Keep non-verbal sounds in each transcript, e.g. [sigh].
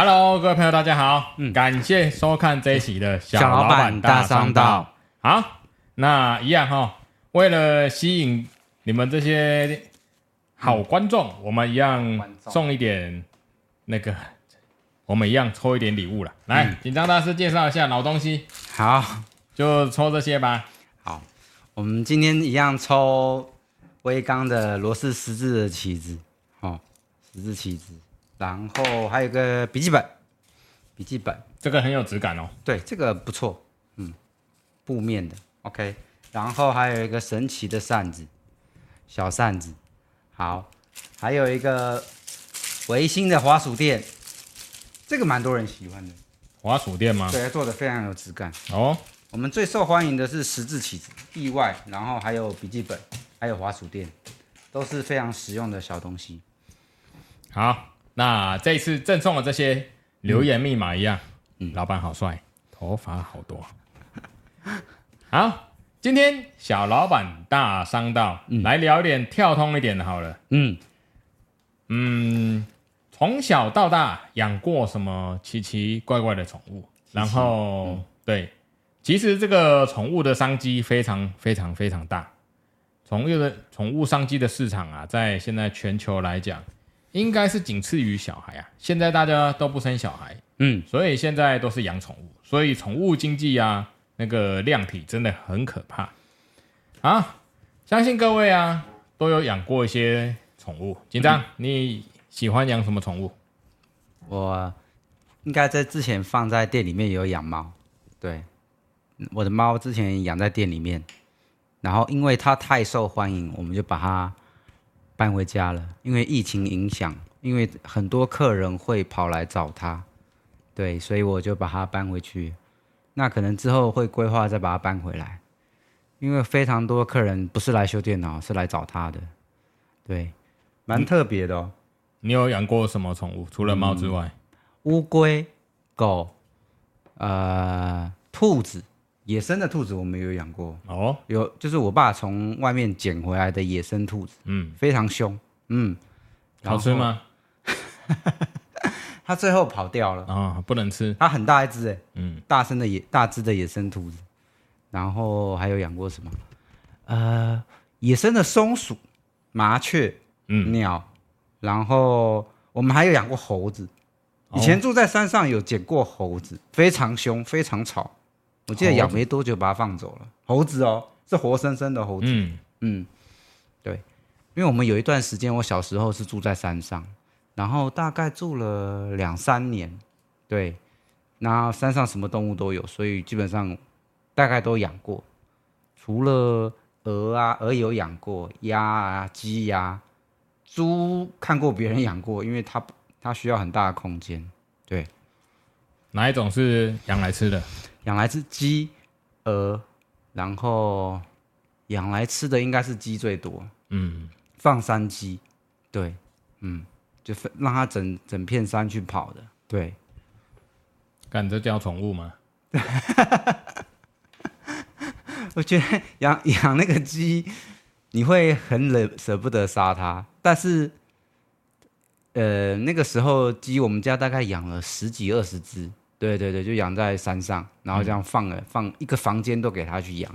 Hello，各位朋友，大家好，嗯！嗯，感謝收看這一期的小老闆大、大商道。好，那一樣哈、哦，為了吸引你們這些好觀眾，嗯，我們一樣送一點那個，我們一樣抽一點禮物了。來，緊、嗯、張大師介紹一下老東西。好，就抽這些吧。好，我們今天一樣抽威剛的螺絲十字的起子。哦，十字起子。然後還有一個筆記本，筆記本這個很有質感哦。對，這個不錯，嗯，布面的，OK。然後還有一個神奇的扇子，小扇子，好，還有一個微星的滑鼠墊，這個蠻多人喜歡的。滑鼠墊嗎？對，做的非常有質感。哦，我們最受歡迎的是十字起子以外，然後還有筆記本，還有滑鼠墊，都是非常實用的小東西。好。那這一次贈送的這些留言密碼一樣，嗯，老闆好帥、嗯，頭髮好多。好，今天小老闆大商道、嗯、來聊一點跳通一點的好了，嗯嗯，從小到大養過什麼奇奇怪怪的寵物奇奇？然後、嗯、對，其實這個寵物的商機非常非常非常大，寵物的寵物商機的市場啊，在現在全球來講。應該是僅次於小孩啊。現在大家都不生小孩，嗯，所以現在都是養寵物，所以寵物經濟啊，那個量體真的很可怕啊！相信各位啊，都有養過一些寵物。精湛、嗯，你喜歡養什麼寵物？我應該在之前放在店裡面也有養貓，對，我的貓之前養在店裡面，然後因為它太受歡迎，我們就把它。搬回家了，因為疫情影響，因為很多客人會跑來找他，對，所以我就把它搬回去。那可能之後會規劃再把它搬回來，因為非常多客人不是來修電腦，是來找他的，對，蠻特別的喔。哦、嗯。你有養過什麼寵物？除了貓之外，嗯，烏龜、狗、呃，兔子。野生的兔子我們有養過哦，有就是我爸從外面撿回來的野生兔子，嗯，非常兇，嗯，好吃嗎？ [laughs] 他最後跑掉了啊、哦，不能吃，他很大一隻哎，嗯，大聲的野、大隻的野生兔子。然後還有養過什麼？呃，野生的松鼠、麻雀、嗯、鳥，然後我們還有養過猴子、哦。以前住在山上有撿過猴子，非常兇，非常吵。我記得養沒多久把它放走了猴，猴子哦，是活生生的猴子。嗯嗯，對，因為我們有一段時間，我小時候是住在山上，然後大概住了兩三年，對。那山上什麼動物都有，所以基本上大概都養過，除了鵝啊，鵝有養過，鴨啊，雞鴨、啊啊啊，豬看過別人養過，因為它它需要很大的空間。對，哪一種是養來吃的？養來吃雞、鵝，然後養來吃的應該是雞最多。嗯，放山雞，對，嗯，就讓它整整片山去跑的。對，趕着叫寵物嗎？ [laughs] 我覺得養養那個雞，你會很舍不得殺它。但是，呃，那個時候雞我們家大概養了十幾二十只。對對對，就養在山上，然後這樣放了、嗯，放一個房間都給他去養，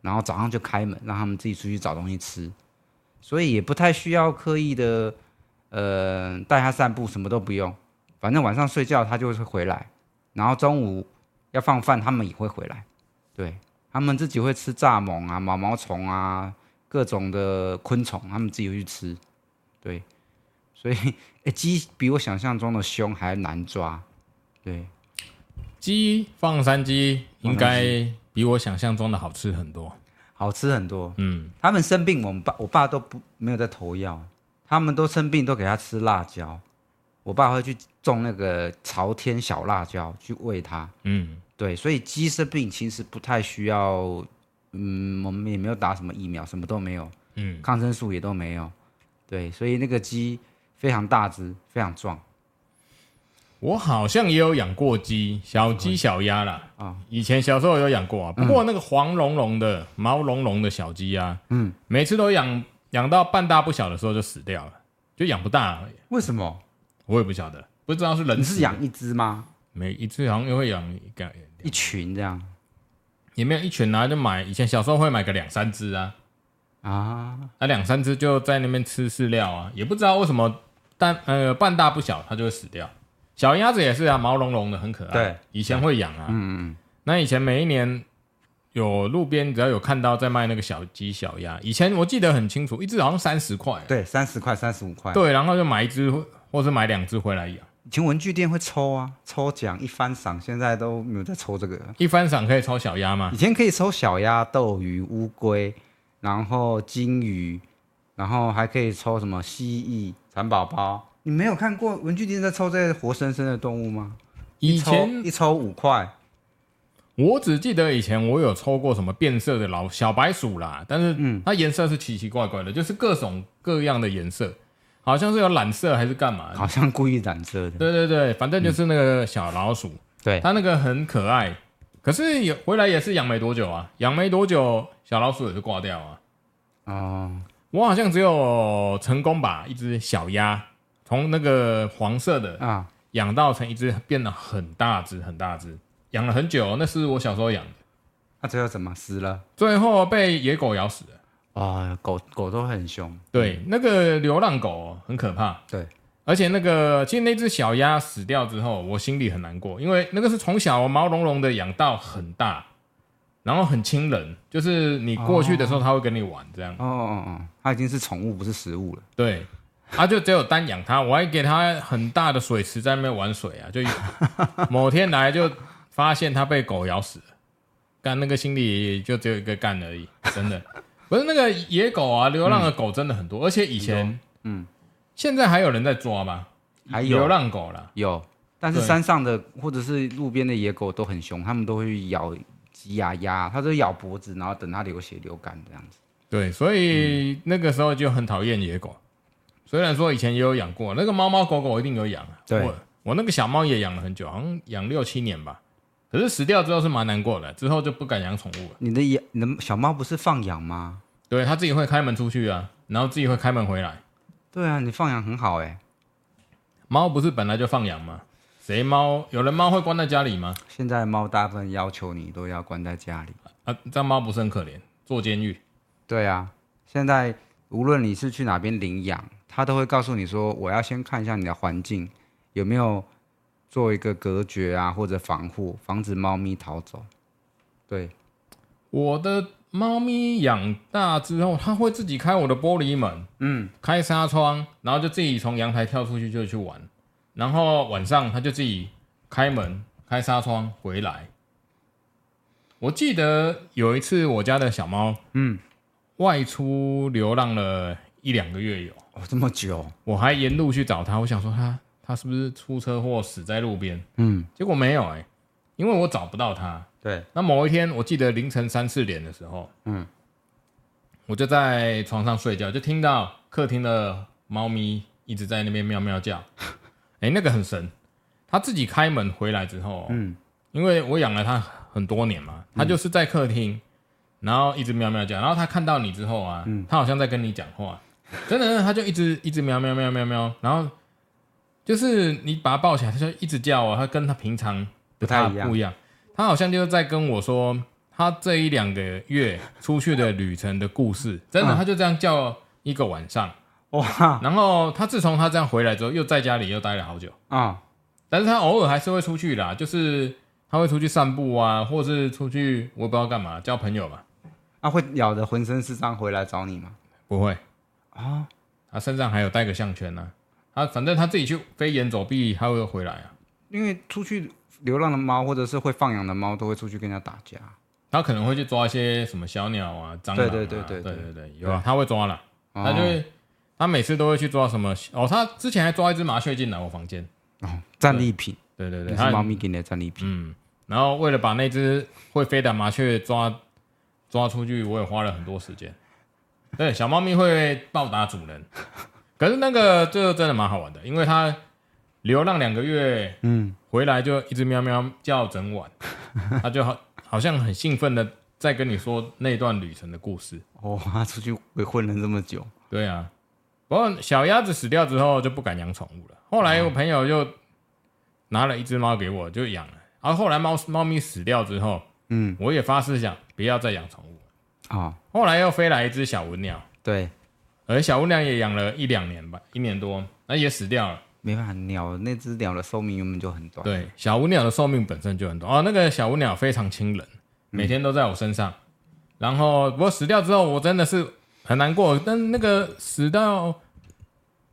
然後早上就開門，讓他們自己出去找東西吃，所以也不太需要刻意的，呃，帶他散步，什麼都不用，反正晚上睡覺他就是回來，然後中午要放飯，他們也會回來，對，他們自己會吃蚱蜢啊、毛毛蟲啊、各種的昆蟲，他們自己會去吃，對，所以、欸，雞比我想象中的凶，還難抓，對。雞放山雞應該比我想象中的好吃很多，好吃很多。嗯，他們生病我，我們爸我爸都不沒有在投藥，他們都生病都給他吃辣椒。我爸會去種那個朝天小辣椒去餵他。嗯，對，所以雞生病其實不太需要，嗯，我們也沒有打什麼疫苗，什麼都沒有。嗯，抗生素也都沒有。對，所以那個雞非常大隻，非常壯。我好像也有養過雞，小雞、小鴨啦。啊、哦，以前小時候也有養過啊、嗯，不過那個黃茸茸的、毛茸茸的小雞啊，嗯，每次都養養到半大不小的時候就死掉了，就養不大而已。為什麼？我也不曉得，不知道是人，你是養一隻嗎？每一隻好像又會養一個，一，個，一，個一群這樣，也沒有一群啊，就買，以前小時候會買個兩三隻啊啊，那兩三隻就在那邊吃飼料啊，也不知道為什麼，但呃半大不小它就會死掉。小鴨子也是啊，毛茸茸的，很可愛。對，以前會養啊。嗯嗯。那以前每一年有路邊，只要有看到在賣那個小雞、小鴨，以前我記得很清楚，一只好像三十塊。對，三十塊、三十五塊。對，然後就買一只，或是買兩只回來養。以前文具店會抽啊，抽獎一番賞，現在都沒有在抽這個。一番賞可以抽小鴨嗎？以前可以抽小鴨、鬥魚、烏龜，然後金魚，然後還可以抽什麼蜥蜴、蠶寶寶。你沒有看過文具店在抽這些活生生的動物嗎？一抽以前一抽五塊，我只記得以前我有抽過什麼變色的老小白鼠啦，但是它顏色是奇奇怪怪的，就是各種各樣的顏色，好像是有染色還是幹嘛的？好像故意染色的。對對對，反正就是那個小老鼠，對、嗯、它那個很可愛，可是也回來也是養沒多久啊，養沒多久小老鼠也是掛掉啊。哦，我好像只有成功把一只小鴨。從那個黃色的啊養到成一隻，變得很大隻、啊、很大隻，養了很久。那是我小時候養的。那、啊、最後怎麼死了？最後被野狗咬死了。啊、哦，狗狗都很兇。對，嗯、那個流浪狗很可怕。對，而且那個其實那隻小鴨死掉之後，我心裡很難過，因為那個是從小毛茸茸的養到很大，然後很親人，就是你過去的時候它會跟你玩，哦、這樣。哦哦哦、嗯，它已經是寵物不是食物了。對。他、啊、就只有單養它，我還給它很大的水池在那邊玩水啊！就 [laughs] 某天來就發現它被狗咬死了，幹那個心裡就只有一個幹而已，真的不是那個野狗啊，流浪的狗真的很多，嗯、而且以前嗯，現在還有人在抓嗎？還有流浪狗啦，有。但是山上的或者是路邊的野狗都很凶，他們都會去咬雞鴨鴨，它都咬脖子，然後等它流血流乾這樣子。對，所以、嗯、那個時候就很討厭野狗。雖然說以前也有養過那個貓貓狗狗，我一定有養、啊。對，我我那個小貓也養了很久，好像養六七年吧。可是死掉之後是蠻難過的，之後就不敢養寵物了。你的能小貓不是放養嗎？對，它自己會開門出去啊，然後自己會開門回來。對啊，你放養很好哎、欸。貓不是本來就放養嗎？誰貓？有人貓會關在家裡嗎？現在貓大部分要求你都要關在家裡啊，這貓不是很可憐，坐監獄。對啊，現在無論你是去哪邊領養。他都會告訴你說：“我要先看一下你的環境有沒有做一個隔絕啊，或者防護，防止貓咪逃走。”對，我的貓咪養大之後，它會自己開我的玻璃門，嗯，開紗窗，然後就自己從陽台跳出去就去玩，然後晚上它就自己開門、開紗窗回來。我記得有一次我家的小貓，嗯，外出流浪了一兩個月有。這麼久，我還沿路去找他，我想說他他是不是出車禍死在路邊？嗯，結果沒有哎，因為我找不到他。對，那某一天，我記得凌晨三四點的時候，嗯，我就在床上睡覺，就聽到客廳的貓咪一直在那邊喵喵叫。哎， [laughs] 那個很神，它自己開門回來之後，嗯，因為我養了它很多年嘛，它就是在客廳，然後一直喵喵叫，然後它看到你之後啊，它，嗯，好像在跟你講話。真的，他就一直一直喵喵喵喵喵，然後就是你把它抱起來，它就一直叫啊，它跟它平常不太不一樣，它好像就在跟我說它這一兩個月出去的旅程的故事。真的，它、嗯、就這樣叫一個晚上哇！然後它自從它這樣回來之後，又在家裡又待了好久啊、嗯，但是它偶爾還是會出去啦，就是它會出去散步啊，或是出去我不知道幹嘛交朋友吧，啊，會咬得渾身是傷回來找你嗎？不會。啊、哦，他身上還有帶個項圈呢、啊。它，反正他自己去飛檐走壁它會回來啊。因為出去流浪的貓，或者是會放養的貓，都會出去跟人家打架。它可能會去抓一些什麼小鳥啊、蟑螂啊。對對對對對對，對有啊對，它會抓了。它就會。是哦，它每次都會去抓什麼？哦，它之前還抓一只麻雀進來我房間哦，戰利品。對對對，是貓咪給你的戰利品。嗯，然後為了把那只會飛的麻雀抓抓出去，我也花了很多時間。對，小貓咪會報答主人，可是那個就真的蠻好玩的，因為它流浪兩個月，嗯，回來就一直喵喵叫整晚，它就好，好像很興奮的在跟你說那段旅程的故事。哦，他出去被混了這麼久。對啊，不過小鴨子死掉之後就不敢養寵物了。後來我朋友就拿了一只貓給我，就養了。然後，後來貓貓咪死掉之後，嗯，我也發誓講不要再養寵物。啊、哦，後來又飛來一隻小文鳥，對，而小文鳥也養了一兩年吧，一年多，那也死掉了。沒辦法，鳥那隻鳥的壽命原本就很短。對，小文鳥的壽命本身就很短。哦，那個小文鳥非常親人，每天都在我身上。嗯、然後，不過死掉之後，我真的是很難過。但那個死掉，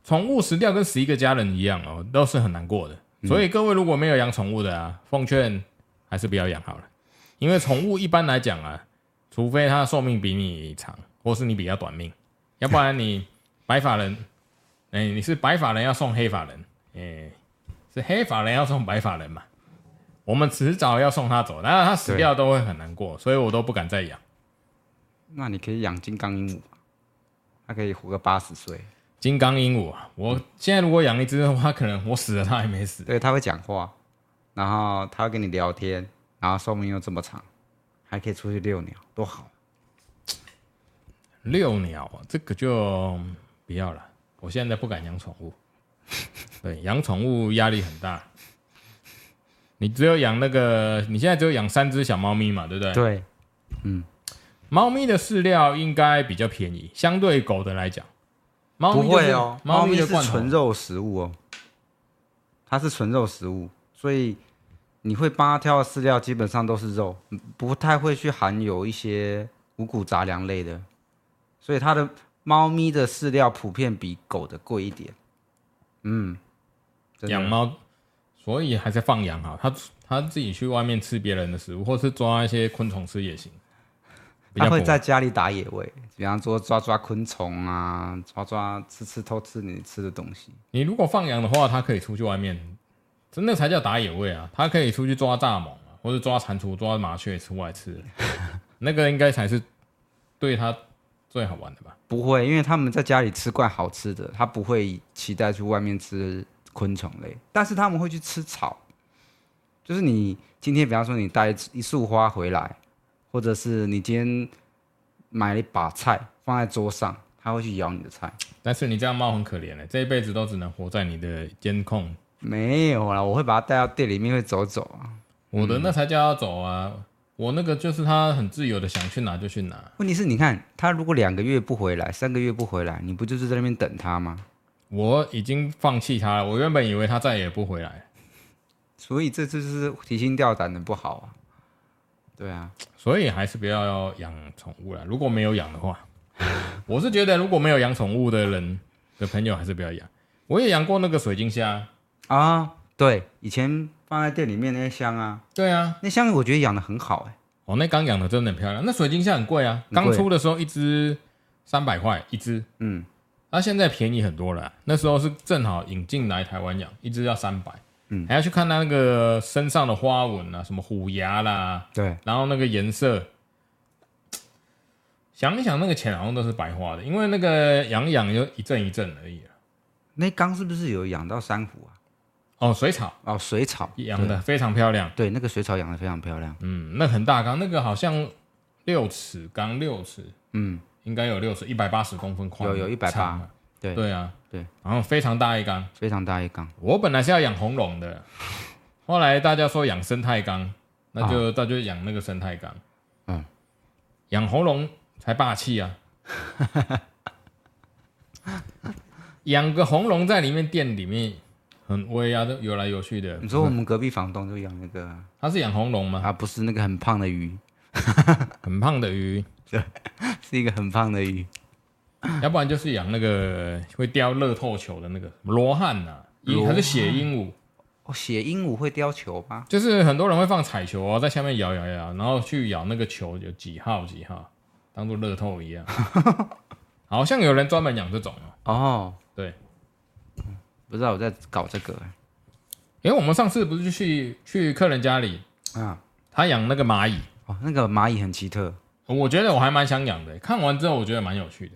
寵物死掉跟死一個家人一樣哦，都是很難過的。所以各位如果沒有養寵物的啊，奉勸還是不要養好了，因為寵物一般來講啊。除非他的壽命比你長，或是你比較短命，要不然你白髮人，哎、 [laughs] 欸，你是白髮人要送黑髮人，哎、欸，是黑髮人要送白髮人嘛？我們遲早要送他走，但是他死掉都會很難過，所以我都不敢再養。那你可以養金剛鸚鵡，它可以活個八十歲。金剛鸚鵡啊，我現在如果養一只的話，可能我死了它還沒死。對，它會講話，然後它會跟你聊天，然後壽命又這麼長。還可以出去遛鳥，多好！遛鳥啊，這個就不要了。我現在不敢養寵物， [laughs] 對，養寵物壓力很大。你只有養那個，你現在只有養三隻小貓咪嘛，對不對？對，嗯。貓咪的飼料應該比較便宜，相對狗的來講，貓不會哦。貓咪是純肉食物哦，它是純肉食物，所以。你會幫它挑的飼料基本上都是肉，不太會去含有一些五穀雜糧類的，所以它的貓咪的飼料普遍比狗的貴一點。嗯，養貓，貓所以還是放養啊，它它自己去外面吃別人的食物，或是抓一些昆蟲吃也行。他會在家裡打野味，比方說抓抓昆蟲啊，抓抓吃吃偷吃你吃的東西。你如果放養的話，它可以出去外面，真的才叫打野味啊！他可以出去抓蚱蜢，或者抓蟾蜍、抓麻雀出來吃。 [laughs] [laughs] 那個應該才是對他最好玩的吧？不會，因為他們在家裡吃慣好吃的，他不會期待去外面吃昆蟲類。但是他們會去吃草。就是你今天，比方說你帶一束花回來，或者是你今天買了一把菜放在桌上，他會去咬你的菜。但是你這樣貓很可憐的、欸，這一輩子都只能活在你的監控。沒有啦，我會把它帶到店裡面會走走啊。我的那才叫他走啊、嗯，我那個就是他很自由的，想去哪就去哪。問題是，你看他如果兩個月不回來，三個月不回來，你不就是在那邊等他嗎？我已經放棄他了。我原本以為他再也不回來，所以這次就是提心吊膽的不好啊。對啊，所以還是不要，要養寵物了。如果沒有養的話， [laughs] 我是覺得如果沒有養寵物的人的朋友，還是不要養。我也養過那個水晶蝦。啊、哦，對，以前放在店裡面那個箱啊，對啊，那箱我覺得養的很好哎、欸。我、哦、那缸養的真的很漂亮，那水晶蝦很，、啊、很貴啊，剛出的時候一隻三百塊一隻，嗯，那、啊、現在便宜很多了、啊。那時候是正好引進來台灣養，一隻要三百，嗯，還要去看它那個身上的花紋啊，什麼虎牙啦，對，然後那個顏色，想一想那個錢好像都是白花的，因為那個養一養就一陣一陣而已啊。那缸是不是有養到珊瑚啊？哦，水草哦，水草養的非常漂亮。對，那個水草養的非常漂亮。嗯，那很大缸，那個好像六尺缸，六尺，嗯，應該有六尺，一百八十公分寬。有，有一百八。對對啊，對。然後非常大一缸，非常大一缸。我本來是要養紅龍的，後來大家說養生態缸，那就、啊、那就養那個生態缸。嗯，養紅龍才霸氣啊！ [laughs] 養個紅龍在裡面，店裡面。很威啊，都游來游去的。你說我們隔壁房東就養那個、啊嗯，他是養紅龍嗎？他、啊、不是，那個很胖的魚， [laughs] 很胖的魚，對，是一個很胖的魚。要不然就是養那個會叼樂透球的那個羅漢啊。鸚還是血鸚鵡。哦，血鸚鵡會叼球嗎？就是很多人會放彩球啊、哦，在下面搖搖搖，然後去咬那個球，有幾號幾號，當做樂透一樣。 [laughs] 好像有人專門養這種、啊、哦，對。不知道我在搞這個、欸，哎、欸，我們上次不是去去客人家裡啊，他養那個螞蟻哦，那個螞蟻很奇特，我覺得我還蠻想養的、欸。看完之後我覺得蠻有趣的，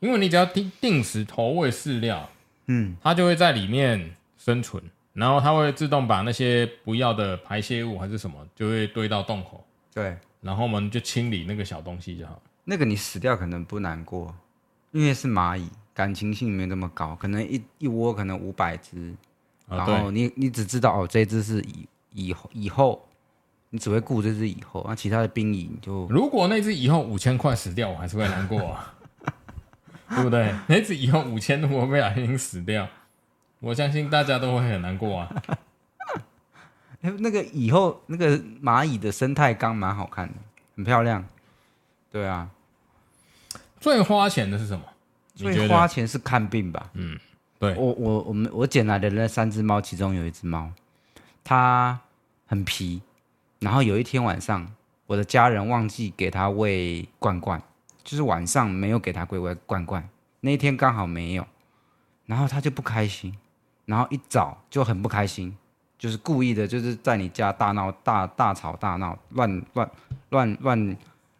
因為你只要定定時投餵飼料，嗯，它就會在裡面生存，然後它會自動把那些不要的排泄物還是什麼，就會堆到洞口，對，然後我們就清理那個小東西就好。那個你死掉可能不難過，因為是螞蟻。感情性沒那麼高，可能一一窩可能五百隻，然後你你只知道哦，這隻是蟻蟻後蟻後，你只會顧這隻蟻後，那、啊、其他的兵蟻就如果那隻蟻後五千塊死掉，我還是會難過啊， [laughs] 對不對？ [laughs] 那隻蟻後五千五百元死掉，我相信大家都會很難過啊。 [laughs] 那，那個蟻後那個螞蟻的生態缸蠻好看的，很漂亮。對啊，最花錢的是什麼？所以花錢是看病吧？嗯，對，我我我們我撿來的那三隻貓，其中有一隻貓，它很皮。然後有一天晚上，我的家人忘記給它餵罐罐，就是晚上沒有給它餵餵罐罐。那一天剛好沒有，然後它就不開心，然後一早就很不開心，就是故意的，就是在你家大鬧、大大吵、大鬧、亂亂亂亂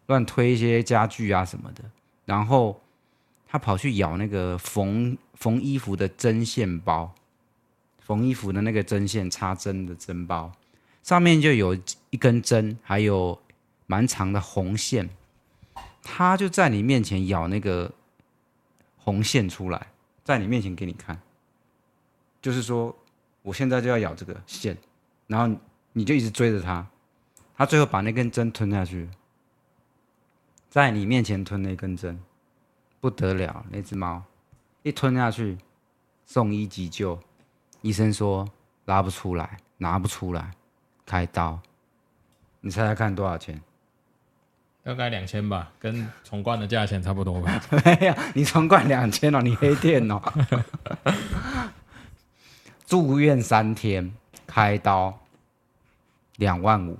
亂推一些家具啊什麼的，然後。他跑去咬那個縫縫衣服的針線包，縫衣服的那個針線插針的針包，上面就有一根針，還有蠻長的紅線，他就在你面前咬那個紅線出來，在你面前給你看，就是說我現在就要咬這個線，然後你就一直追着他，他最後把那根針吞下去，在你面前吞那根針。不得了，那隻貓，一吞下去，送醫急救，醫生說拉不出來，拿不出來，開刀。你猜猜看多少錢？大概兩千吧，跟重灌的價錢差不多吧。 [laughs] 沒有，你重灌兩千了，你黑店了哦。 [laughs] [laughs] 住院三天，開刀兩萬五，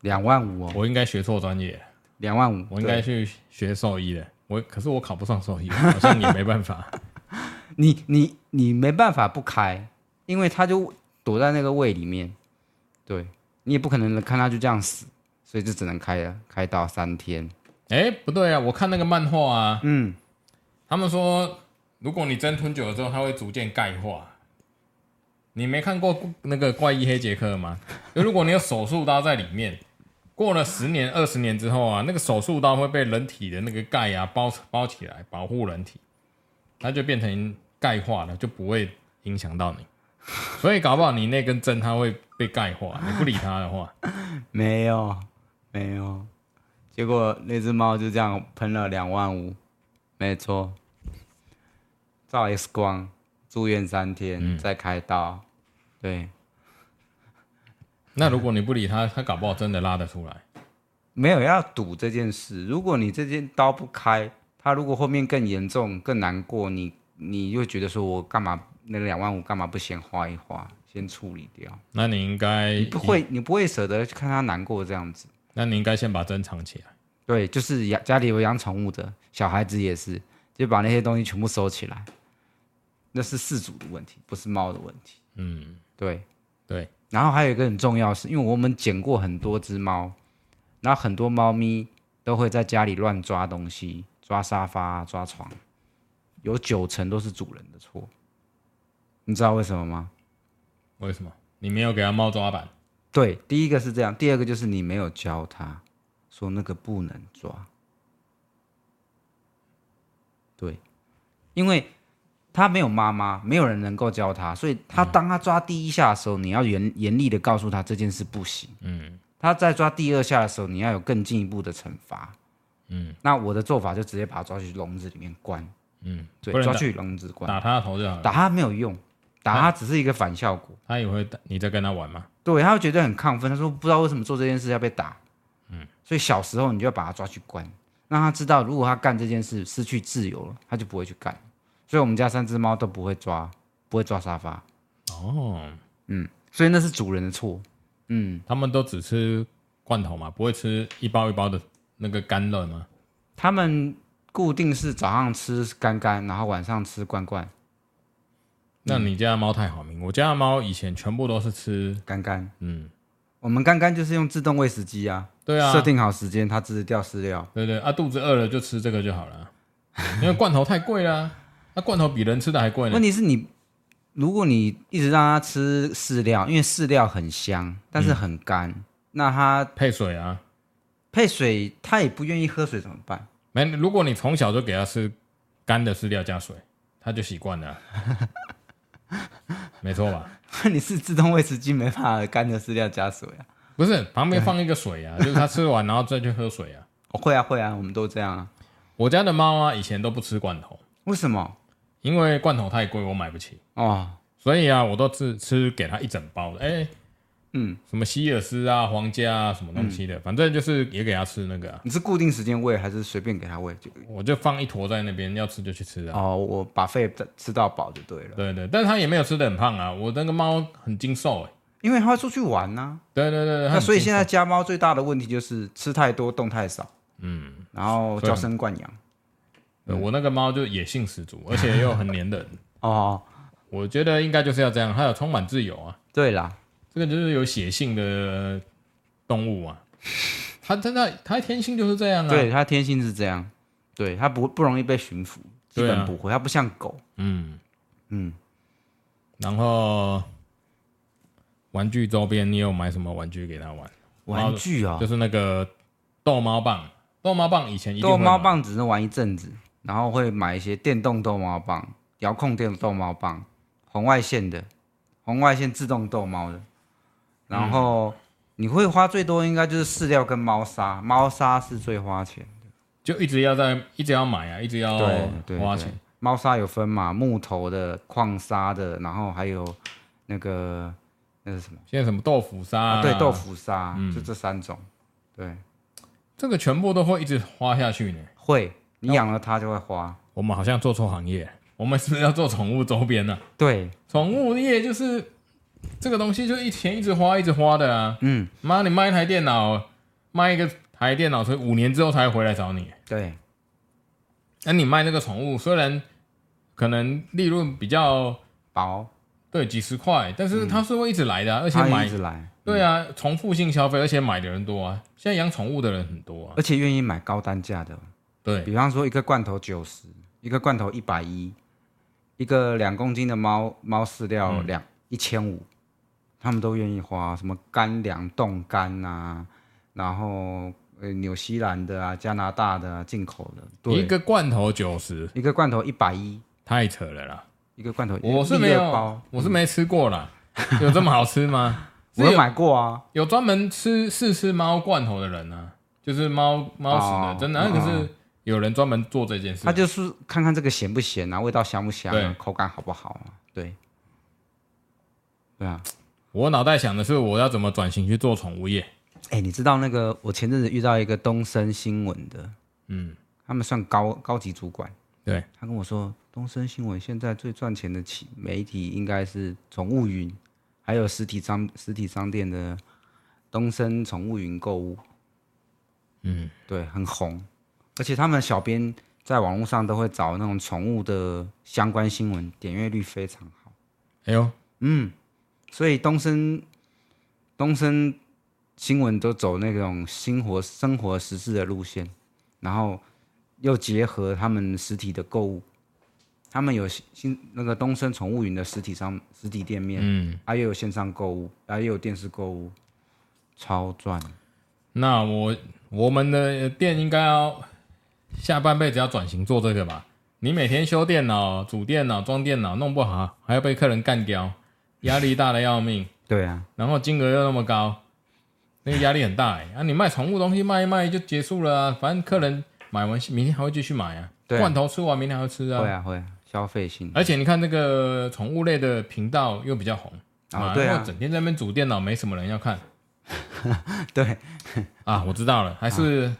兩萬五哦。我應該學錯專業。兩萬五，我應該去學獸醫的。我可是我考不上獸醫，好像也沒辦法。 [laughs] 你你你沒辦法不開，因為它就躲在那個胃裡面，對你也不可能看它就這樣死，所以就只能開了開到三天。哎、欸，不對啊，我看那個漫畫啊，嗯，他們說如果你真吞久了之後，它會逐漸鈣化。你沒看過那個怪醫黑杰克嗎？ [laughs] 如果你有手術刀在裡面。過了十年、二十年之後啊，那個手術刀會被人體的那個鈣啊包包起來，保護人體，它就變成鈣化了，就不會影響到你。 [laughs] 所以搞不好你那根針它會被鈣化，你不理它的話， [laughs] 沒有沒有。結果那只貓就這樣噴了兩萬五，沒錯。照 X 光，住院三天，嗯、再開刀，對。那如果你不理他，他搞不好真的拉得出來。沒有要賭這件事。如果你這件刀不開，他如果後面更嚴重、更難過，你你又覺得說我干嘛那兩萬五幹嘛不先花一花，先處理掉？那你應該你不會，你不會捨得看他難過這樣子。那你應該先把針藏起來。對，就是養家裡有養寵物的小孩子也是，就把那些東西全部收起來。那是飼主的問題，不是貓的問題。嗯，對對。然後還有一個很重要是，因為我們撿過很多隻貓，然後很多貓咪都會在家裡亂抓東西，抓沙發啊、抓床，有九成都是主人的錯。你知道為什麼嗎？為什麼？你沒有給他貓抓板。對，第一個是這樣，第二個就是你沒有教他，說那個不能抓。對，因為。他沒有媽媽，沒有人能夠教他，所以他當他抓第一下的時候，嗯，你要嚴嚴厲的告訴他這件事不行。嗯，他在抓第二下的時候，你要有更進一步的懲罰。嗯，那我的做法就直接把他抓去籠子裡面關。嗯，對，抓去籠子關，打他的頭就好了。打他沒有用，打他只是一個反效果。他也會，以為你在跟他玩嗎？對，他會覺得很亢奮。他說不知道為什麼做這件事要被打。嗯，所以小時候你就要把他抓去關，讓他知道如果他幹這件事失去自由了，他就不會去幹。所以我們家三隻貓都不會抓，不會抓沙發。哦、oh.，嗯，所以那是主人的錯。嗯，他們都只吃罐頭嘛，不會吃一包一包的那個乾料嘛？他們固定是早上吃乾干，然後晚上吃罐罐。那你家的貓太好命，我家的貓以前全部都是吃乾干。嗯，我們乾乾就是用自動餵食機啊，對啊，設定好時間，它自己掉飼料。對對，對啊，肚子餓了就吃這個就好了， [laughs] 因為罐頭太貴了、啊。那、啊、罐頭比人吃的還貴呢。問題是你，如果你一直讓它吃飼料，因為飼料很香，但是很乾，嗯、那它配水啊，配水，它也不願意喝水怎麼辦？沒，如果你從小就給它吃乾的飼料加水，它就習慣了、啊， [laughs] 沒錯吧？那 [laughs] 你是自動餵食機，沒辦法乾的飼料加水啊？不是，旁邊放一個水啊，就是它吃完然後再去喝水啊。 [laughs] 哦、會啊會啊，我們都這樣啊。我家的貓啊，以前都不吃罐頭。為什麼？因為罐頭太貴，我買不起啊、哦，所以啊，我都吃吃給他一整包的，欸、嗯，什麼希爾斯啊、皇家啊，什麼東西的，嗯、反正就是也給他吃那個、啊。你是固定時間餵還是隨便給他餵？就我就放一坨在那邊，要吃就去吃啊。哦，我把肺吃到飽就對了。對對，對，但是他也沒有吃得很胖啊，我那個貓很精瘦、欸、因為他出去玩呢、啊。對對對，那所以現在家貓最大的問題就是吃太多動太少，嗯，然後嬌生慣養。嗯、對，我那個貓就野性十足，而且又很粘人 [laughs] 哦。我覺得應該就是要這樣，它有充滿自由啊。對啦，這個就是有血性的動物啊。它真的，它天性就是這樣啊。對，它天性是這樣。對，它不不容易被馴服，基本不會。它不像狗。啊、嗯嗯。然後，玩具周邊，你有買什麼玩具給它玩？玩具啊，就是那個逗貓棒。逗貓棒以前一定。逗貓棒只能玩一陣子。然後會買一些電動逗貓棒、遙控電動逗貓棒、紅外線的、紅外線自動逗貓的。然後你會花最多應該就是飼料跟貓砂，貓砂是最花錢的，就一直要在一直要買啊，一直要花錢。貓砂有分嘛，木頭的、礦砂的，然後還有那個那是什麼？現在什麼豆腐砂啊，啊，對，豆腐砂，就這三種，嗯。對，這個全部都會一直花下去呢。會。你養了它就會花。我們好像做錯行業，我們是不是要做寵物周邊呢啊？對，寵物業就是這個東西，就一天一直花，一直花的啊。嗯，媽，你賣一台電腦，賣一個台電腦，所以五年之後才會回來找你。對，那你賣那個寵物，雖然可能利潤比較薄，對，幾十塊，但是它是會一直來的啊，而且買它一直來，嗯。對啊，重複性消費，而且買的人多啊。現在養寵物的人很多啊，而且願意買高單價的。對，比方說，一個罐頭九十，一個罐頭一百一，一個兩公斤的貓貓飼料兩一千五，1, 500，他們都願意花。什麼乾糧、凍乾啊，然後呃，欸、紐西蘭的啊、加拿大的啊，進口的，對。一個罐頭九十，一個罐頭一百一，太扯了啦！一個罐頭，我是沒有包，我是沒吃過啦。嗯、有這麼好吃嗎？ [laughs] 有我有買過啊，有專門吃試吃貓罐頭的人呢、啊，就是貓貓屎的哦哦，真的、啊哦哦，可是。有人專門做這件事啊，他就是看看這個鹹不鹹啊，味道香不香啊，口感好不好啊？對，對啊。我腦袋想的是，我要怎麼轉型去做寵物業？哎，你知道那個我前陣子遇到一個東森新聞的，嗯，他們算高高級主管，對，他跟我說，東森新聞現在最賺錢的媒體應該是寵物雲，還有實體商實體商店的東森寵物雲購物，嗯，對，很紅。而且他們小編在網絡上都會找那種寵物的相關新聞，點閱率非常好。哎呦，嗯，所以東森東森新聞都走那種生活生活時事的路線，然後又結合他們實體的購物，他們有新那個東森寵物雲的實體商實體店面，嗯，還、啊、有線上購物，還、啊、有電視購物，超賺。那我我們的店應該要。下半輩子要轉型做這個吧？你每天修電腦、煮電腦、裝電腦，弄不好還要被客人幹掉，壓力大的要命。對啊，然後金額又那麼高，那個壓力很大哎、欸。啊，你賣寵物東西賣一賣就結束了啊，反正客人買完，明天還會繼續買啊。對啊，罐頭吃完明天還會吃啊。會啊會、啊，消費性的。而且你看這個寵物類的頻道又比較紅、哦、對啊，啊，然後整天在那邊煮電腦，沒什麼人要看。 [laughs] 對啊，我知道了，還是。啊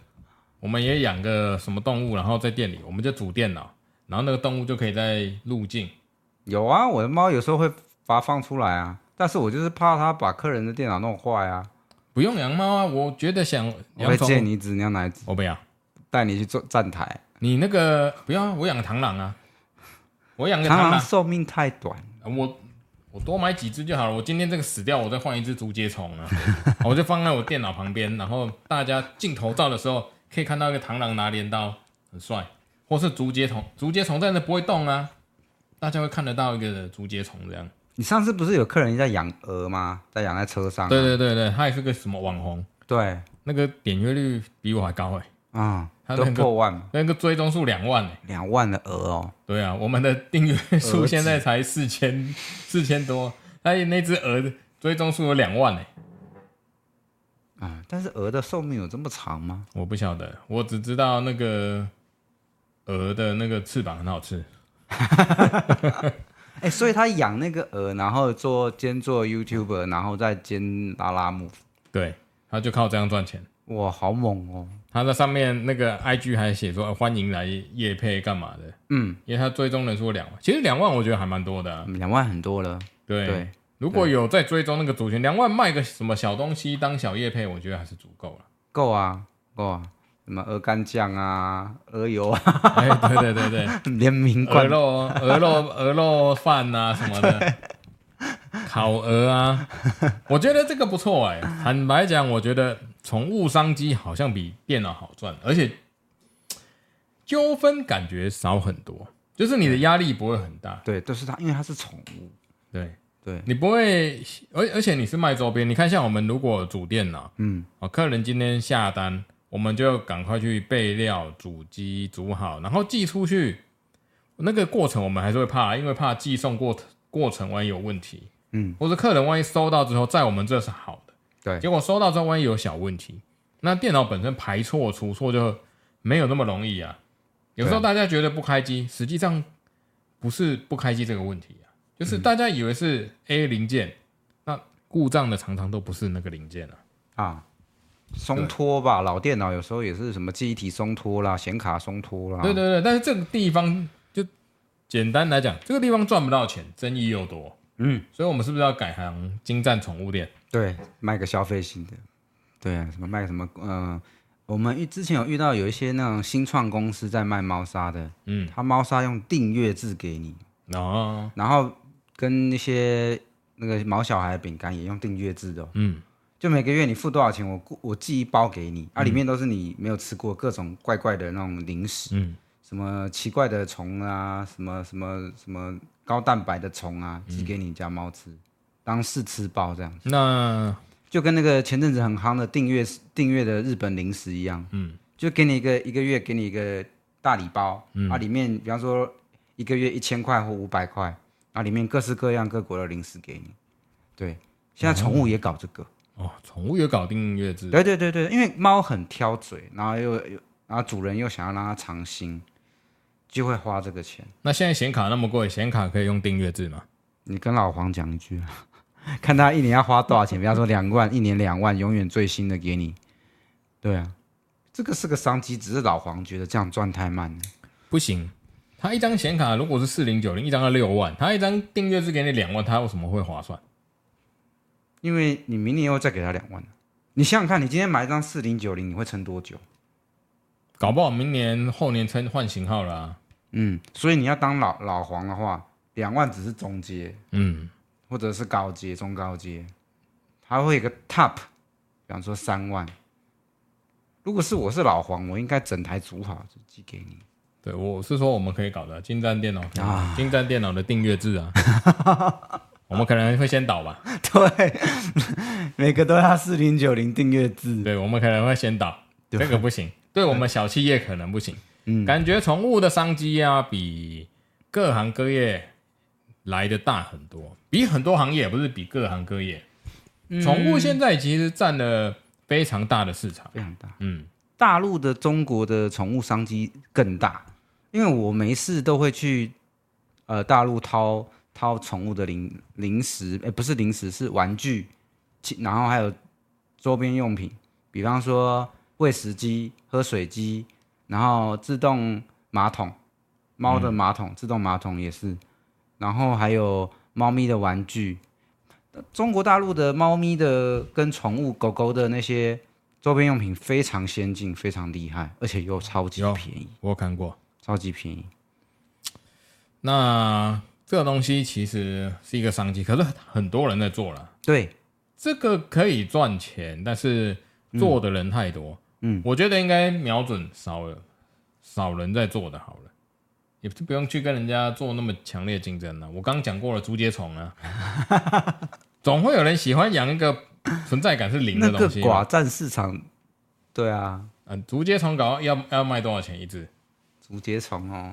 我們也養個什麼動物，然後在店裡，我們就組電腦，然後那個動物就可以在入鏡。有啊，我的貓有時候會把它放出來啊，但是我就是怕它把客人的電腦弄壞啊。不用養貓啊，我覺得想我會借你一只，你要哪一只？我不要，帶你去做站台。你那個不要，我養螳螂啊，我養個螳螂，壽命太短，我我多買幾只就好了。我今天這個死掉，我再換一只竹節蟲啊。 [laughs] 我就放在我電腦旁邊， [laughs] 然後大家鏡頭照的時候。可以看到一個螳螂拿鐮刀，很帥，或是竹節蟲，竹節蟲在那不會動啊，大家會看得到一個竹節蟲這樣。你上次不是有客人在養鵝嗎？在養在車上？對對對對，他也是個什麼網紅？對，那個點閱率比我還高哎、欸。啊、嗯，他的、那個、破萬，那個追蹤數兩萬、欸，兩萬的鵝哦、喔。對啊，我們的訂閱數現在才四千四千多，哎，那隻鵝追蹤數有兩萬哎、欸。啊、嗯！但是鵝的壽命有這麼長嗎？我不曉得，我只知道那個鵝的那個翅膀很好吃。哎、 [laughs] [laughs] 欸，所以他養那個鵝，然後做兼做 YouTuber，然後再兼拉拉木。對，他就靠這樣賺錢。哇，好猛哦！他在上面那個 IG 還寫說、呃、歡迎來業配幹嘛的？嗯，因為他追蹤人數兩萬，其實兩萬我覺得還蠻多的、啊，兩、嗯、萬很多了。對。對如果有在追蹤那個主權，兩萬賣個什麼小東西當小業配，我覺得還是足夠了。夠啊，夠啊！什麼鵝肝醬啊，鵝油啊，哎、欸，對對對對，聯名鵝肉，鵝肉，鵝肉飯啊什麼的，烤鵝啊， [laughs] 我覺得這個不錯哎、欸。坦白講，我覺得寵物商機好像比電腦好賺，而且糾紛感覺少很多，就是你的壓力不會很大。對，都、就是它，因為它是寵物。對。你不會，而而且你是賣周邊，你看像我們如果組電腦，嗯，啊，客人今天下單，我們就趕快去備料、組機、組好，然後寄出去。那個過程我們還是會怕，因為怕寄送過過程萬一有問題，嗯，或者客人萬一收到之後，在我們這是好的，對，結果收到之後萬一有小問題，那電腦本身排錯、除錯就沒有那麼容易啊。有時候大家覺得不開機，實際上不是不開機這個問題。就是大家以為是 A 零件，嗯，那故障的常常都不是那個零件了啊，啊，鬆脫吧，老電腦有時候也是什麼記憶體鬆脫啦，顯卡鬆脫啦。對對對，但是這個地方就簡單來講，這個地方賺不到錢，爭議又多。嗯，所以我們是不是要改行，精湛寵物店？對，賣個消費型的。對啊，什麼賣什麼？嗯、呃，我們之前有遇到有一些那種新創公司在賣貓砂的，嗯，他貓砂用訂閱制給你，哦，然後。跟那些那個毛小孩的餅乾也用訂閱制的、哦，嗯，就每個月你付多少錢我，我我寄一包給你，嗯、啊，裡面都是你沒有吃過各種怪怪的那種零食，嗯，什麼奇怪的蟲啊，什麼什麼什麼，什麼高蛋白的蟲啊，寄給你家貓吃，嗯、當試吃包這樣子，那就跟那個前陣子很夯的訂閱訂閱的日本零食一樣，嗯，就給你一個一個月給你一個大禮包，嗯、啊，裡面比方說一個月一千塊或五百塊。啊，裡面各式各樣各國的零食給你。對，現在寵物也搞這個哦，寵物也搞訂閱制。對對對對，因為貓很挑嘴，然後又又，然後主人又想要讓它嘗新，就會花這個錢。那現在顯卡那麼貴，顯卡可以用訂閱制嗎？你跟老黃講一句啊，看他一年要花多少錢，比方說兩萬，一年兩萬，永遠最新的給你。對啊，這個是個商機，只是老黃覺得這樣賺太慢了，不行。他一張顯卡如果是四零九零，一張要六萬。他一張訂閱是給你兩萬，他為什麼會划算？因為你明年又再給他兩萬。你想想看，你今天買一張四零九零，你會撐多久？搞不好明年後年撐換型號了啊。嗯，所以你要當老老黃的話，兩萬只是中階，嗯，或者是高階、中高階，他會有一個 top，比方說三萬。如果是我是老黃，我應該整台組好就寄給你。對，我是說我們可以搞的，精湛電腦，精、啊、湛電腦的訂閱制啊， [laughs] 我們可能會先倒吧。對，每個都要四零九零訂閱制。對，我們可能會先倒，這個不行。對，我們小企業可能不行。嗯，感覺寵物的商機啊，比各行各業來得大很多，比很多行業，不是比各行各業，寵、嗯、物現在其實佔了非常大的市場，非常大。嗯，大陸的中國的寵物商機更大。因為我沒事都會去，呃，大陸掏掏寵物的零零食，哎、欸，不是零食是玩具，然後還有周邊用品，比方說餵食機、喝水機，然後自動馬桶，貓的馬桶、嗯、自動馬桶也是，然後還有貓咪的玩具。中國大陸的貓咪的跟寵物狗狗的那些周邊用品非常先進，非常厲害，而且又超級便宜。有，我有看過。超級便宜，那這個東西其實是一個商機，可是很多人在做了。對，這個可以賺錢，但是做的人太多。嗯，嗯，我覺得應該瞄準少了少人在做的好了，也不用去跟人家做那麼強烈競爭了。我剛講過了，竹節蟲啊， [laughs] 總會有人喜歡養一個存在感是零的東西，啊，那個、寡占市場。對啊，嗯、啊，竹節蟲搞不好要要賣多少錢一隻？竹節蟲哦，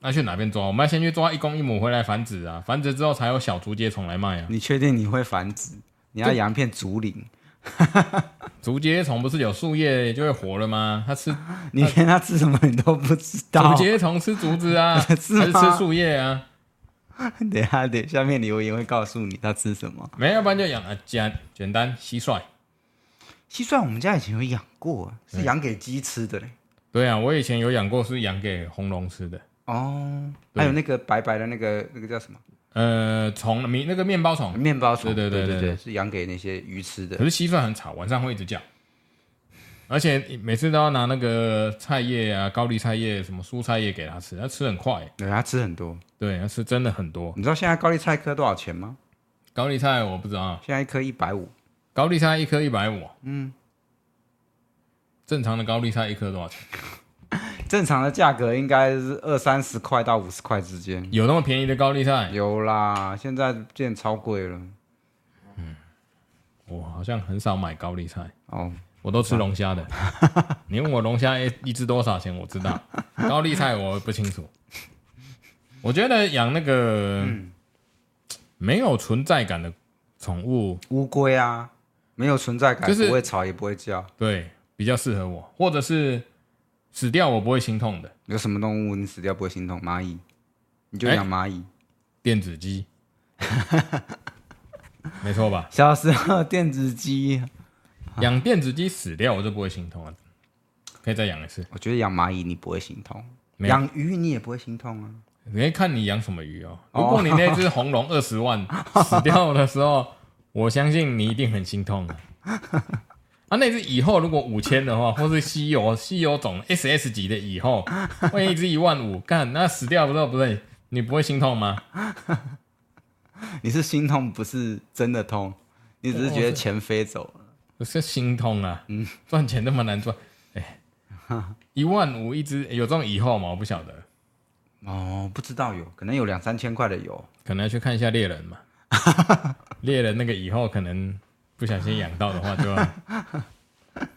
那、啊、去哪邊抓？我們要先去抓一公一母回來繁殖啊！繁殖之後才有小竹節蟲來賣啊！你確定你會繁殖？你要養一片竹林。 [laughs] 竹節蟲不是有樹葉就會活了嗎？它吃它你連它吃什麼你都不知道。竹節蟲吃竹子啊， [laughs] 吃吃樹葉啊。等下等下面留言會告訴你它吃什麼。沒，要不然就養啊。簡簡單蟋蟀。蟋蟀我們家以前有養過，是養給雞吃的嘞。對啊，我以前有養過，是養給紅龍吃的哦。還有那個白白的那個那個叫什麼？呃，蟲那個麵包蟲，麵包蟲，對對對對、對對對，是養給那些魚吃的。可是蟋蟀很吵，晚上會一直叫，而且每次都要拿那個菜葉啊、高麗菜葉、什麼蔬菜葉給它吃，它吃很快，對、嗯，它吃很多，對，它吃真的很多。你知道現在高麗菜顆多少錢嗎？高麗菜我不知道，現在一顆一百五，高麗菜一顆一百五，嗯。正常的高麗菜一顆多少錢？正常的價格應該是二三十塊到五十塊之間。有那麼便宜的高麗菜？有啦，現在變超貴了。嗯，我好像很少買高麗菜。哦，我都吃龍蝦的。你問我龍蝦一一隻多少錢，我知道。 [laughs] 高麗菜我不清楚。 [laughs] 我覺得養那個沒有存在感的寵物，烏龜啊，沒有存在感，就是不會吵也不會叫，對。比較適合我，或者是死掉我不會心痛的。有什麼動物你死掉不會心痛？螞蟻，你就養螞蟻，欸、電子雞， [laughs] 沒錯吧？小時候電子雞，養電子雞死掉我就不會心痛了。可以再養一次。我覺得養螞蟻你不會心痛，養魚你也不會心痛啊。可以看你養什麼魚哦，哦。如果你那只紅龍二十萬死掉的時候， [laughs] 我相信你一定很心痛 [laughs] 啊，那隻蟻後如果五千的話，或是稀有稀有種 S S 級的蟻後，萬一只一萬五幹，那死掉不知道不對，你不會心痛嗎？你是心痛不是真的痛，你只是覺得錢飛走了，哦、是，不是心痛啊。賺、嗯、錢那麼難賺，哎、欸，一萬五一隻有這種蟻後嗎？我不曉得，哦，不知道有可能有兩三千塊的有，可能要去看一下獵人嘛。獵 [laughs] 人那個蟻後可能。不小心養到的話就啊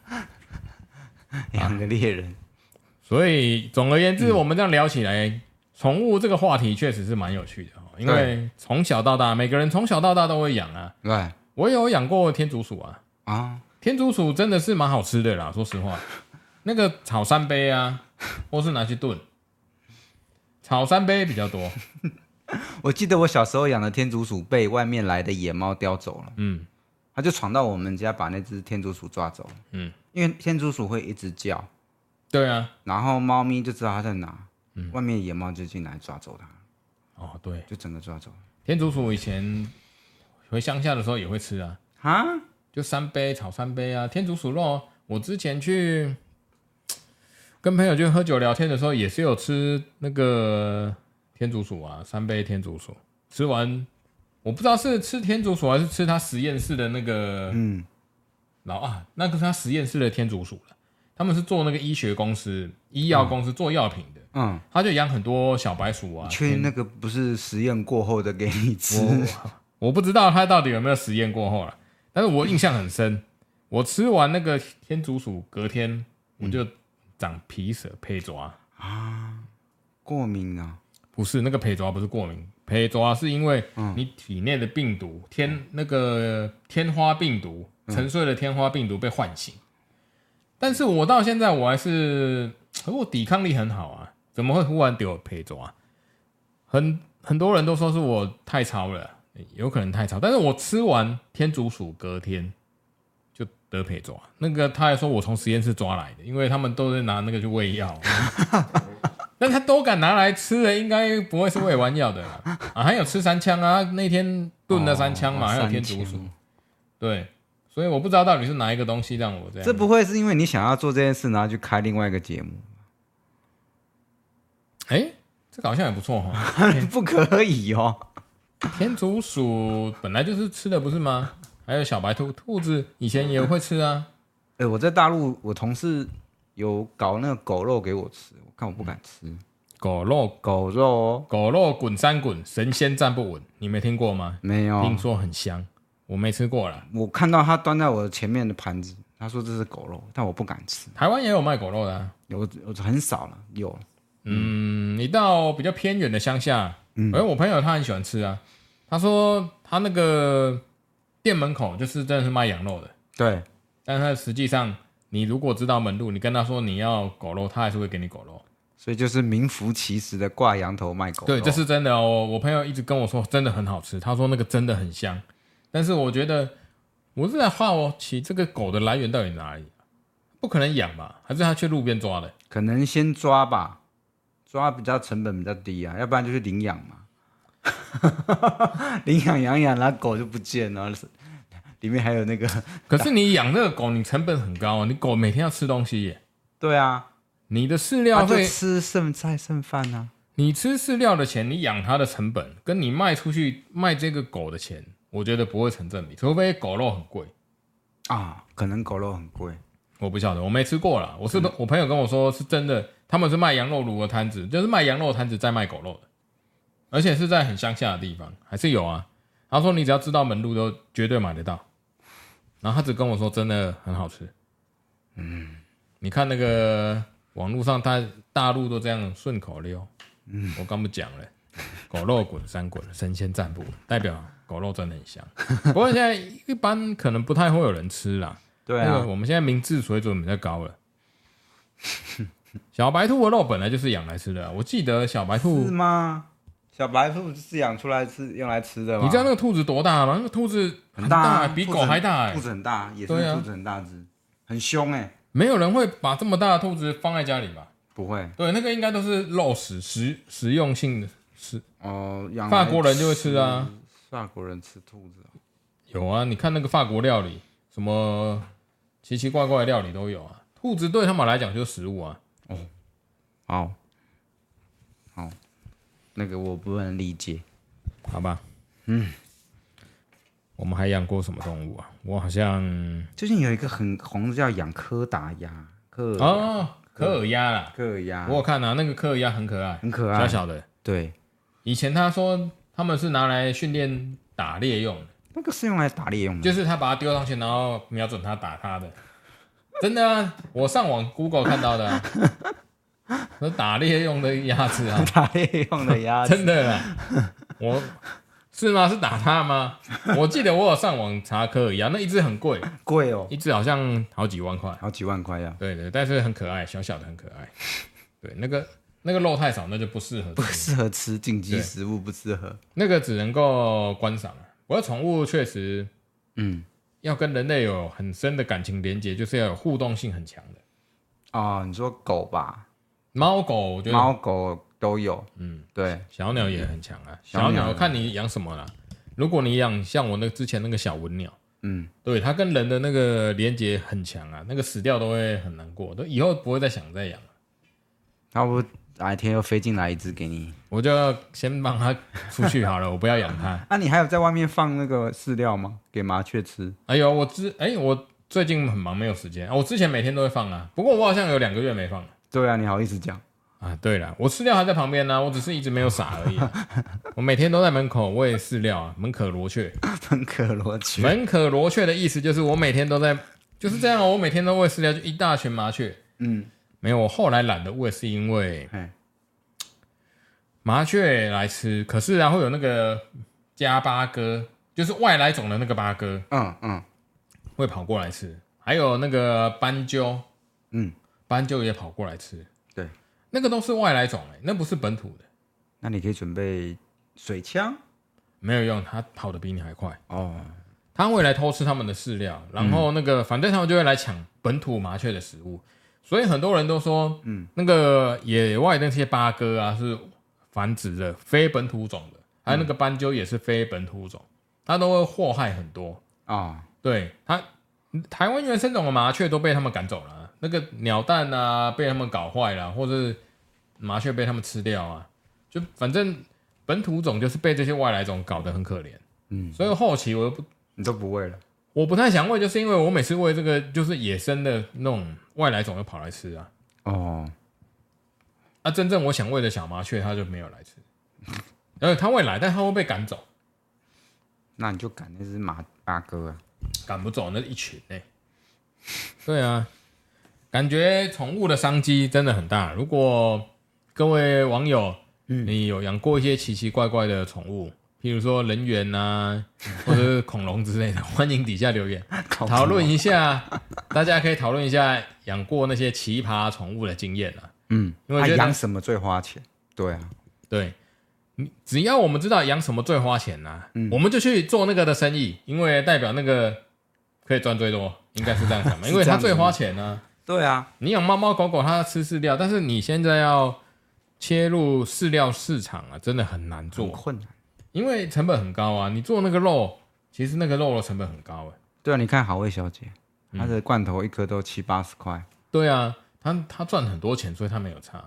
啊，要 [laughs] 養個獵人。所以總而言之，我們這樣聊起來，嗯，寵物這個話題確實是蠻有趣的哦，因為從小到大，每個人從小到大都會養啊。對，我也有養過天竺鼠啊。啊，天竺鼠真的是蠻好吃的啦。說實話， [laughs] 那個炒三杯啊，或是拿去燉，炒三杯比較多。 [laughs] 我記得我小時候養的天竺鼠被外面來的野貓叼走了。嗯。他就闖到我們家，把那只天竺鼠抓走。嗯，因為天竺鼠會一直叫。對啊，然後貓咪就知道它在哪。嗯，外面野貓就進來抓走它。哦，對，就整個抓走。天竺鼠以前回鄉下的時候也會吃啊，哈，啊，就三杯炒三杯啊，天竺鼠肉。我之前去跟朋友去喝酒聊天的時候，也是有吃那個天竺鼠啊，三杯天竺鼠，吃完。我不知道是吃天竺鼠還是吃他實驗室的那個嗯、啊，老二那個是他實驗室的天竺鼠，他們是做那個醫學公司，醫藥公司做藥品的，嗯，嗯他就養很多小白鼠啊。缺那個不是實驗過後的給你吃我我？我不知道他到底有沒有實驗過後了。但是我印象很深，嗯，我吃完那個天竺鼠，隔天我就長皮蛇配爪，嗯、啊，過敏啊，不是那個配爪不是過敏。陪抓是因為你體內的病毒，嗯、天那個天花病毒沉睡的天花病毒被喚醒。嗯、但是我到現在我還是，我抵抗力很好啊，怎麼會忽然丟？陪抓？很很多人都說是我太潮了，有可能太潮。但是我吃完天竺鼠隔天就得陪抓。那個他還說我從實驗室抓來的，因為他們都是拿那個去餵藥。 [laughs] 那他都敢拿來吃的、欸，應該不會是餵完藥的啊！還有吃山羌啊，那天燉了山羌嘛、哦啊，還有天竺鼠，對，所以我不知道到底是哪一個東西讓我這樣。這不會是因為你想要做這件事，然後去開另外一個節目？哎、欸，這個、好像也不錯哈， [laughs] 不可以哦！天竺鼠本來就是吃的，不是嗎？還有小白兔，兔子以前也會吃啊。哎、欸，我在大陸，我同事。有搞那個狗肉給我吃，我看我不敢吃。嗯、狗肉，狗肉，狗肉滾三滾，神仙站不穩，你沒聽過嗎？沒有，聽說很香，我沒吃過啦。我看到他端在我前面的盤子，他說這是狗肉，但我不敢吃。台灣也有賣狗肉的、啊有，有，很少有了，有、嗯。嗯，你到比較偏遠的鄉下、嗯，哎，我朋友他很喜歡吃啊，他說他那個店門口就是真的是賣羊肉的，對，但是實際上。你如果知道門路，你跟他說你要狗肉，他還是會給你狗肉，所以就是名副其實的掛羊頭賣狗肉。對，這是真的哦。我朋友一直跟我說，真的很好吃，他說那個真的很香，但是我覺得我是在好奇這個狗的來源到底哪裡啊？不可能養吧？還是他去路邊抓的？可能先抓吧，抓比較成本比較低啊，要不然就去領養嘛。 [laughs] 領養養養那狗就不見了。裡面還有那個，可是你養那個狗，你成本很高。你狗每天要吃東西耶，對啊，你的飼料會、啊、吃剩菜剩飯呢、啊？你吃飼料的錢，你養它的成本，跟你賣出去賣這個狗的錢，我覺得不會成正比，除非狗肉很貴。啊，可能狗肉很貴，我不曉得，我沒吃過啦。我是我朋友跟我說是真的，他們是賣羊肉爐的攤子，就是賣羊肉攤子在賣狗肉的，而且是在很鄉下的地方，還是有啊。他說你只要知道門路，都絕對買得到。然後他只跟我說，真的很好吃。嗯，你看那個網路上，大大陸都這樣順口溜。嗯，我剛不講了、欸，狗肉滾三滾，神仙站不穩，代表狗肉真的很香。不過現在一般可能不太會有人吃啦。對啊，我們現在民智水準比較高了。啊、 [laughs] 小白兔的肉本來就是養來吃的、啊。我記得小白兔是嗎？小白兔是養出來是用來吃的，你知道那個兔子多大嗎？那個兔子很大，很大啊，比狗還大、欸、兔子很大，也是兔子很大隻、對啊，很凶哎、欸。沒有人會把這麼大的兔子放在家裡吧？不會。對，那個應該都是肉食，食食用性的食。哦、呃，法國人就會吃啊。法國人吃兔子、啊？有啊，你看那個法國料理，什麼奇奇怪怪的料理都有啊。兔子對他們來講就是食物啊。哦，好。那個我不能理解，好吧。嗯，我們還養過什麼動物啊？我好像最近有一個很紅的叫養柯達鴨，柯爾鴨，哦，科爾鴨啦，科爾鴨。我看啊，那個科爾鴨很可愛，很可愛，小小的。對，以前他說他們是拿來訓練打獵用的，那個是用來打獵用的，就是他把它丟上去，然後瞄準它打它的。真的啊， [laughs] 我上網 Google 看到的啊。 [laughs] 打獵用的鴨子啊， [laughs] 打獵用的鴨子，真的啊啦笑？我是嗎？是打它嗎？我記得我有上網查科爾鴨、啊，那一隻很貴，貴哦，一隻好像好幾萬塊，好幾萬塊呀、啊。對，對對，但是很可愛，小小的很可愛。 [laughs] 對，那個那個肉太少，那就不適合，不適合吃，禁忌食物不適合。那個只能夠觀賞、啊。我的寵物確實，嗯，要跟人類有很深的感情連接，就是要有互動性很強的。啊、哦，你說狗吧？貓狗，我覺得貓狗都有，嗯，對，小鳥也很強啊、嗯。小鳥，小鳥看你養什麼了。如果你養像我那之前那個小文鳥，嗯，對，它跟人的那個連接很強啊，那個死掉都會很難過，都以後不會再想再養了、啊。那我哪天又飛進來一隻給你？我就要先幫它出去好了， [laughs] 我不要養它。那、 [laughs] 啊、你還有在外面放那個飼料嗎？給麻雀吃？哎呦，我之哎、欸，我最近很忙，沒有時間啊。我之前每天都會放啊，不過我好像有兩個月沒放了、啊。對啊，你好意思講啊？對了，我飼料還在旁邊呢，啊，我只是一直沒有撒而已，啊。 [laughs] 我每天都在門口餵飼料啊，門可羅雀。 [laughs] 門可羅雀。門可羅雀的意思就是我每天都在，就是這樣，哦，我每天都餵飼料，就一大群麻雀。嗯，沒有，我後來懶得餵是因為，麻雀來吃，可是然，啊，後有那個家八哥，就是外來種的那個八哥，嗯嗯，會跑過來吃，還有那個斑鳩，嗯。斑鳩也跑過來吃，對，那個都是外來種誒、欸，那不是本土的。那你可以準備水槍。沒有用，它跑得比你還快哦。它、嗯、會來偷吃他們的飼料，然後那個反正他們就會來搶本土麻雀的食物、嗯，所以很多人都說，嗯，那個野外那些八哥啊是繁殖的非本土種的，還有那個斑鳩也是非本土種，它都會禍害很多啊、哦。對，它台灣原生種的麻雀都被他們趕走了。那個鳥蛋啊，被他們搞壞了，啊，或者是麻雀被他們吃掉啊，就反正本土種就是被這些外來種搞得很可憐。嗯，所以後期我又不，你都不餵了？我不太想餵，就是因為我每次餵這個，就是野生的那種外來種，就跑來吃啊。哦，那、啊、真正我想餵的小麻雀，他就沒有來吃，然 [laughs] 且它會來，但它會被趕走。那你就趕那隻麻八哥啊？趕不走，那是一群呢，欸？對啊。感覺寵物的商機真的很大。如果各位網友，嗯，你有養過一些奇奇怪怪的寵物，譬如說人猿啊，或者是恐龍之類的， [laughs] 歡迎底下留言討論一下。 [laughs] 大家可以討論一下養過那些奇葩寵物的經驗啊。嗯，因為養、啊、什麼最花錢？對啊，對，你只要我們知道養什麼最花錢啊、嗯，我們就去做那個的生意，因為代表那個可以賺最多，應該是這樣想嘛， [laughs] 因為它最花錢呢、啊。對啊，你養貓貓狗狗，它要吃飼料，但是你現在要切入飼料市場啊，真的很難做，困難，因為成本很高啊。你做那個肉，其實那個肉的成本很高哎、欸。對啊，你看好味小姐，她的罐頭一顆都七八十塊、嗯。對啊，她她賺很多錢，所以她沒有差。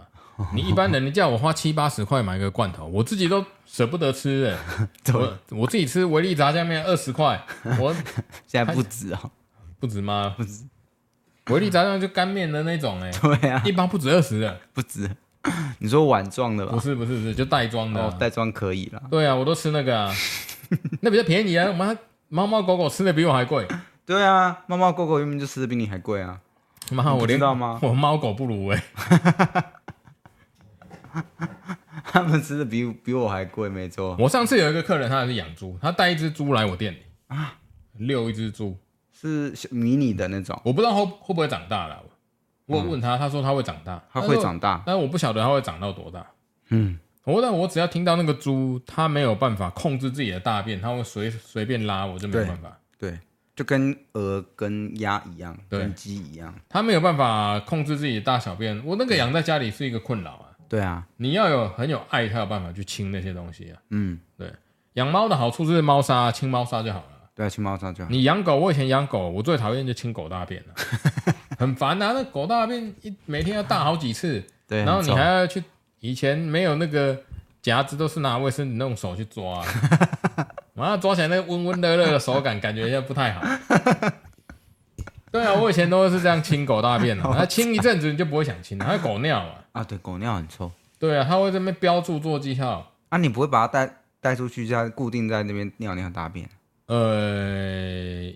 你一般人，你叫我花七八十塊買個罐頭， [laughs] 我自己都捨不得吃、欸、怎麼我我自己吃維力炸醬麵二十塊，我 [laughs] 現在不止哦、喔，不止嗎？不止。維力炸醬就乾麵的那種哎、欸，對啊，一包不止二十的，不止。你說碗裝的吧？不是不是不是，就袋裝的、啊。袋、哦、裝可以了。對啊，我都吃那個、啊， [laughs] 那比較便宜啊。我們貓貓狗狗吃的比我還貴。對啊，貓貓狗狗明明就吃的比你還貴啊。媽，我你知道嗎？我貓狗不如哎、欸，哈哈哈，哈哈，他們吃的比比我還貴，沒錯。我上次有一個客人，他是養豬，他帶一隻豬來我店裡啊，遛一只豬。是迷你的那種，我不知道會會不會長大了。我問他，他說他會長大，嗯、他會長大，但是、但是我不曉得他會長到多大。嗯，我但我只要聽到那個豬，它沒有辦法控制自己的大便，它會隨隨便拉，我就沒有辦法。對、對，就跟鵝跟鴨一樣，跟雞一樣，它沒有辦法控制自己的大小便。我那個養在家裡是一個困擾啊。對啊、嗯，你要有很有愛，才有辦法去清那些東西啊。嗯，對，養貓的好處就是貓砂，清貓砂就好了。要清貓砂就好。你養狗，我以前養狗，我最討厭就清狗大便了， [laughs] 很煩啊！那狗大便一每天要大好幾次，對，然後你還要去，以前沒有那個夾子，都是拿衛生紙那種手去抓，哈哈哈哈哈！哇，抓起來那個溫溫熱熱的手感， [laughs] 感覺又不太好。哈哈哈對啊，我以前都是這樣清狗大便啊，那清一陣子你就不會想清了。還有狗尿啊？啊，對，狗尿很臭。對啊，它會在那邊標注做記號。啊，你不會把它帶帶出去，這樣固定在那邊尿尿大便？呃，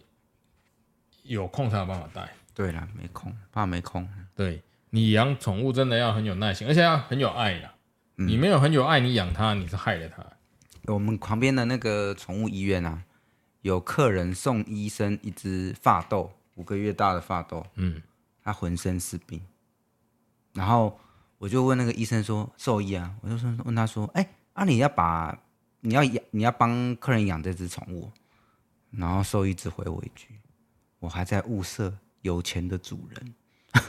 有空才有辦法帶。對啦，沒空，爸沒空。對，你養寵物真的要很有耐心，而且要很有愛的、嗯。你沒有很有愛，你養它，你是害了它。我們旁邊的那個寵物醫院啊，有客人送醫生一隻法鬥，五個月大的法鬥。嗯，他渾身是病。然後我就問那個醫生說：“獸醫啊，我就說問他說，哎、欸，啊你要把你要養你要幫客人養這隻寵物。”然後獸醫只回我一句：“我還在物色有錢的主人。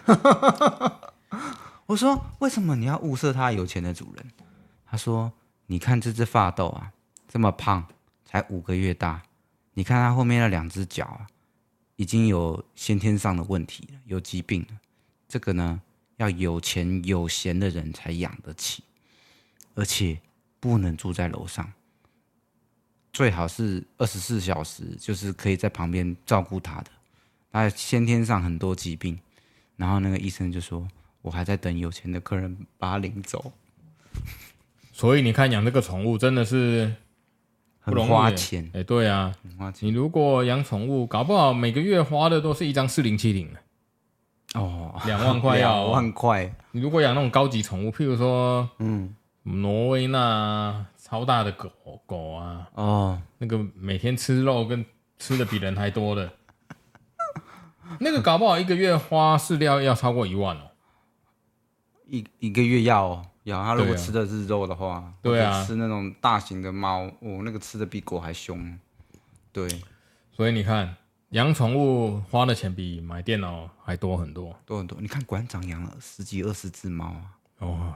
[laughs] ”我說：“為什麼你要物色他有錢的主人？”他說：“你看這只法鬥啊，這麼胖，才五個月大。你看他後面的兩只腳啊，已經有先天上的問題了，有疾病了。這個呢，要有錢有閒的人才養得起，而且不能住在樓上。”最好是二十四小時，就是可以在旁邊照顧他的。他先天上很多疾病，然後那個醫生就說：“我還在等有錢的客人把他領走。”所以你看，養這個寵物真的是很花錢。哎、欸，對啊，很花錢。你如果養寵物，搞不好每個月花的都是一張四零七零了。哦，兩萬塊，要萬塊。你如果養那種高級寵物，譬如說，嗯，挪威那。超大的狗狗啊，哦，那個每天吃肉跟吃的比人還多的， [laughs] 那個搞不好一個月花飼料要超過一萬哦一，一一個月要，哦。要他如果吃的是肉的話，對啊，哦，吃那種大型的貓，哦，那個吃的比狗還凶，對，所以你看養寵物花的錢比買電腦還多很多，多很多。你看館長養了十幾二十隻貓啊，哦。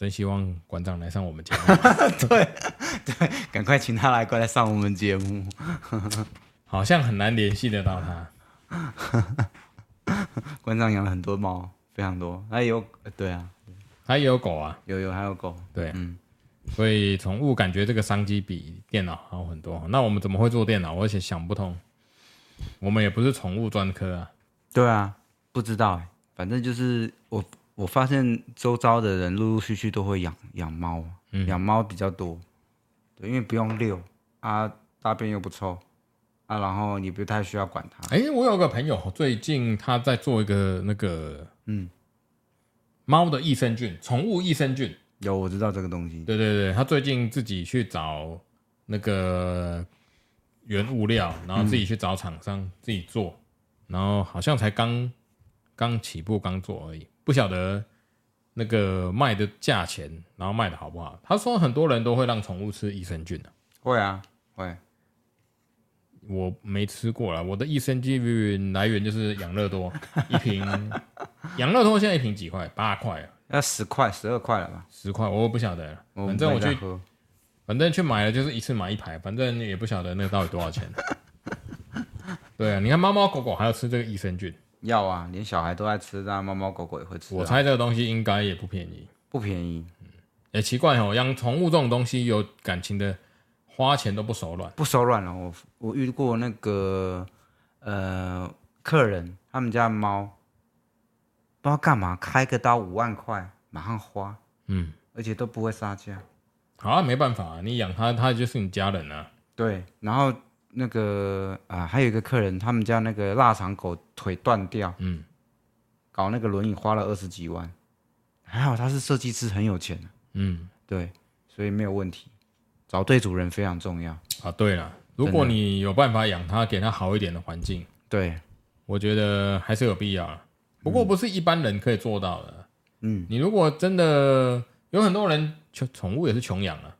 真希望館長來上我們節目 [laughs] 對。對對，趕快請他來過來上我們節目。 [laughs] 好像很難聯繫得到他。館 [laughs] 長養了很多貓，非常多。還有，對啊，還有狗啊，有有還有狗。對啊，嗯。所以寵物感覺這個商機比電腦好很多。那我們怎麼會做電腦？我也想不通。我們也不是寵物專科啊。對啊，不知道哎、欸，反正就是我。我發現周遭的人陸陸續續都會養養貓，養貓、嗯、比較多，對，因為不用遛啊，大便又不臭啊，然後你不太需要管它。哎、欸，我有個朋友最近他在做一個那個，嗯，貓的益生菌，寵物益生菌。有，我知道這個東西。對對對，他最近自己去找那個原物料，然後自己去找廠商、嗯、自己做，然後好像才剛剛起步，剛做而已。不曉得那個賣的價錢，然後賣的好不好？他說很多人都會讓寵物吃益生菌的啊。會啊，會。我沒吃過啦，我的益生菌來源就是養樂多， [laughs] 一瓶。養樂多現在一瓶幾塊？八塊？那十塊、十二塊了吧？十塊，我不曉得了。反正我去，反正去買了就是一次買一排，反正也不曉得那個到底多少錢。 [laughs] 對啊，你看貓貓狗狗還要吃這個益生菌。要啊，連小孩都愛吃，那貓貓狗狗也會吃，啊。我猜這個東西應該也不便宜，不便宜。嗯、欸，奇怪哦，養寵物這種東西有感情的，花錢都不手軟，不手軟啊。我我遇過那個呃客人，他們家貓不知道幹嘛，開個刀五萬塊，馬上花，嗯，而且都不會殺價。好啊，沒辦法啊，你養它，它就是你家人啊。對，然後。那個啊，還有一個客人，他們家那個臘腸狗腿斷掉，嗯，搞那個輪椅花了二十幾萬，還好他是設計師，很有錢啊，嗯，對，所以沒有問題，找對主人非常重要啊。對了，如果你有辦法養它，給它好一點的環境，對，我覺得還是有必要，不過不是一般人可以做到的。嗯，你如果真的有很多人，窮寵物也是窮養啊，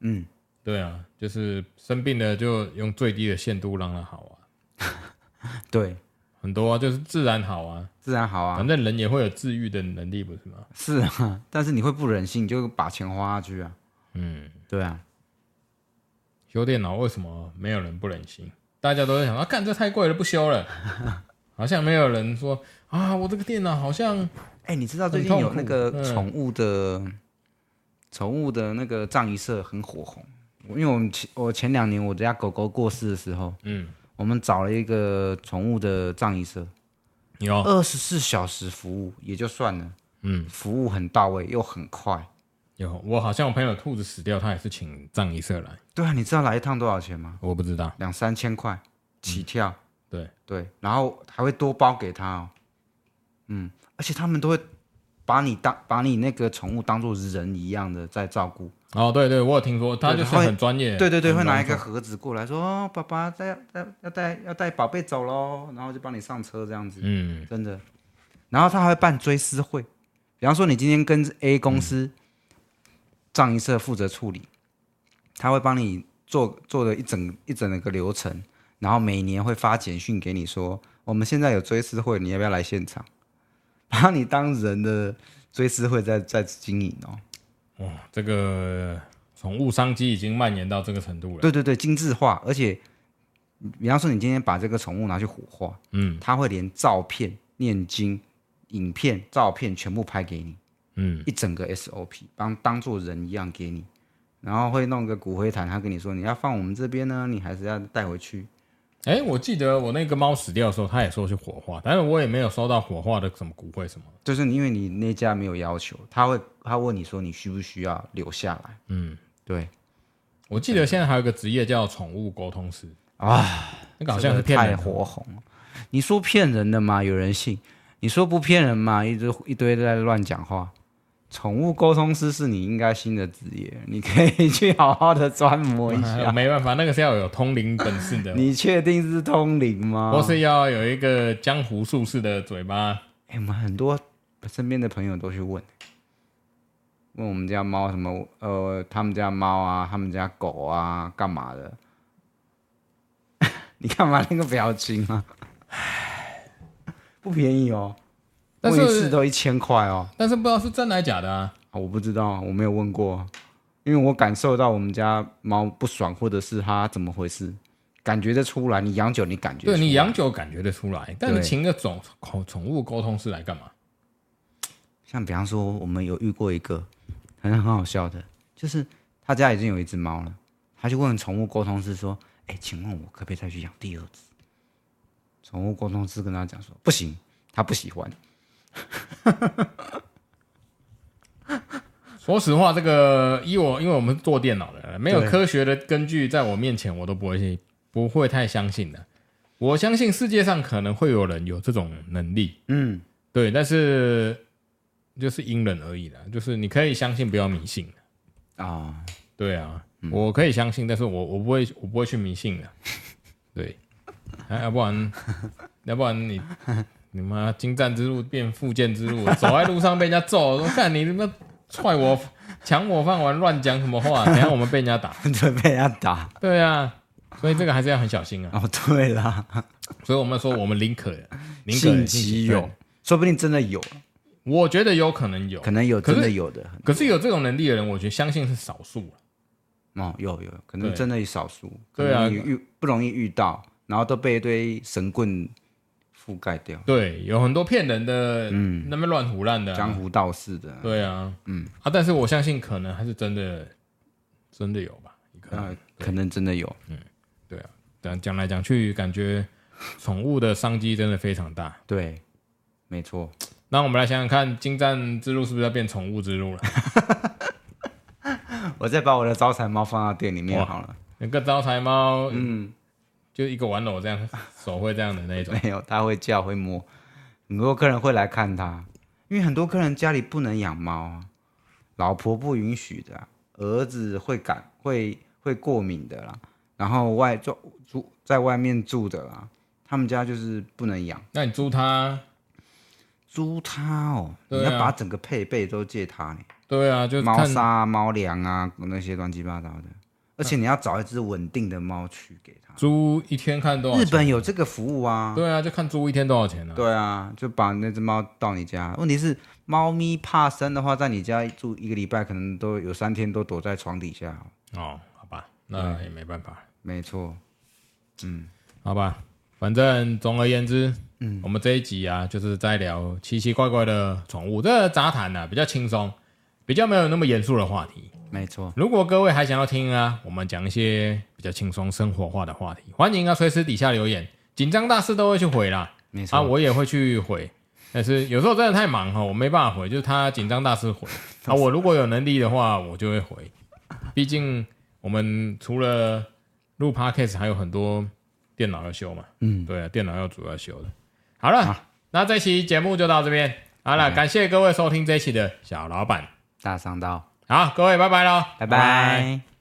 嗯。對啊，就是生病了就用最低的限度讓它好啊。對，很多啊，就是自然好啊，自然好啊。反正人也會有治癒的能力，不是嗎？是啊，但是你會不忍心，你就把錢花下去啊。嗯，對啊。修電腦為什麼沒有人不忍心？大家都在想啊，看這太貴了，不修了。 [laughs] 好像沒有人說啊，我這個電腦好像……哎、欸，你知道最近有那個寵物的寵、嗯、物的那個葬儀社很火紅。因為我們前我前兩年我家狗狗過世的時候，嗯，我們找了一個寵物的葬儀社，有二十四小時服務也就算了，嗯，服務很到位又很快。有我好像我朋友兔子死掉，他也是請葬儀社來。對啊，你知道來一趟多少錢嗎？我不知道，兩三千塊起跳。嗯、對對，然後還會多包給他哦，嗯，而且他們都會。把你當把你那個寵物當做人一樣的在照顧哦，對對，我有聽說，他就是很專業，對對對，會拿一個盒子過來說：“哦、爸爸在要帶要帶，帶，帶，帶寶貝走嘍。”然後就幫你上車這樣子，嗯，真的。然後他還會辦追思會，比方說你今天跟 A 公司葬儀、嗯、社負責處理，他會幫你做做了一整一整個流程，然後每年會發簡訊給你說：“我們現在有追思會，你要不要來現場？”把你當人的追思會在在經營哦。哇，這個寵物商機已經蔓延到這個程度了。對對對，精緻化，而且比方說你今天把這個寵物拿去火化，嗯，他會連照片、念經、影片、照片全部拍給你，嗯，一整個 SOP，幫當做人一樣給你，然後會弄個骨灰罈，他跟你說你要放我們這邊呢，你還是要帶回去。哎，我記得我那個貓死掉的時候，它也說是火化，但是我也沒有收到火化的什麼骨灰什麼。就是因為你那家沒有要求，他會他問你說你需不需要留下來？嗯，對。我記得現在還有個職業叫寵物溝通師。嗯，那個、啊，那好像是太火紅。嗯。你說騙人的嗎？有人信。你說不騙人嗎？一直一堆在亂講話。寵物溝通師是你應該新的職業，你可以去好好的鑽研一下。沒辦法，那個是要有通靈本事的。 [laughs] 你確定是通靈嗎？或是要有一個江湖術士的嘴巴。哎、欸，我們很多身邊的朋友都去問，問我們家貓什麼，呃，他們家貓啊，他們家狗啊，幹嘛的？ [laughs] 你幹嘛那個表情啊？ [laughs] 不便宜哦。問一次都一千塊哦，但是不知道是真的還是假的啊！我不知道，我沒有問過，因為我感受到我們家貓不爽，或者是它怎麼回事，感覺得出來。你養久你感覺，對，你養久感覺得出來。但是請個寵寵寵物溝通師來幹嘛？像比方說，我們有遇過一個很很好笑的，就是他家已經有一隻貓了，他就問寵物溝通師說：“哎、欸，請問我可不可以再去養第二隻？”寵物溝通師跟他講說：“不行，他不喜歡。” [laughs] [laughs] 說實話，這個以我，因為我們是做電腦的，沒有科學的根據，在我面前我都不會信，不會太相信的。我相信世界上可能會有人有這種能力，嗯，對。但是就是因人而異的，就是你可以相信，不要迷信的啊、哦。對啊、嗯，我可以相信，但是我我不會我不會去迷信的。對、啊，要不然 [laughs] 要不然你。你媽精湛之路變復建之路，走在路上被人家揍，我 [laughs] 看你他媽踹我、搶我飯碗、亂講什麼話？等下我們被人家打， [laughs] 被打，對啊，所以這個還是要很小心啊。哦，對啦，所以我們說我們寧可寧可信其有，有，說不定真的有，我覺得有可能有，可能有真的有的，可是有這種能力的人，我覺得相信是少數、啊、哦，有有可能真的有少數，對啊，遇不容易遇到，然後都被一堆神棍，覆蓋掉，對，有很多騙人的，嗯，那麼亂胡亂的、啊，江湖道士的、啊，對啊，嗯啊，但是我相信可能還是真的，真的有吧？啊、呃，可能真的有，嗯，對啊，但講來講去，感覺寵物的商機真的非常大， [laughs] 對，沒錯。那我們來想想看，精湛之路是不是要變寵物之路了？ [laughs] 我再把我的招財貓放到店裡面好了，那個招財貓，嗯。嗯就一個玩偶這樣，手會這樣的那種。 [laughs] 沒有，他會叫，會摸，很多客人會來看他，因為很多客人家裡不能養貓啊，老婆不允許的、啊，兒子會感會會過敏的啦、啊。然後外在住在外面住的啦、啊，他們家就是不能養。那你租他、啊，租他哦，啊、你要把整個配備都借他呢。對啊，就貓砂、啊、貓糧啊那些亂七八糟的。而且你要找一隻穩定的貓去給它租一天看多少？日本有這個服務啊？對啊，就看租一天多少錢呢？對啊，就把那只貓到你家。問題是，貓咪怕生的話，在你家住一個禮拜，可能都有三天都躲在床底下。哦，好吧，那也沒辦法，嗯，沒錯。嗯，好吧，反正總而言之，嗯，我們這一集啊，就是在聊奇奇怪怪的寵物，這個雜談呢、啊，比較輕鬆，比較沒有那麼嚴肅的話題。沒錯，如果各位還想要聽啊，我們講一些比較輕鬆生活化的話題，歡迎啊，隨時底下留言。緊張大師都會去回啦，沒錯、啊，我也會去回，但是有時候真的太忙哈，我沒辦法回，就是他緊張大師回 [laughs] 啊，我如果有能力的話，我就會回。畢竟我們除了錄 Podcast，還有很多電腦要修嘛，嗯，對啊，電腦要主要修的。好了，啊、那這期節目就到這邊，好了、嗯，感謝各位收聽這一期的《小老板大商道》。好，各位拜拜咯拜拜嘍，拜拜。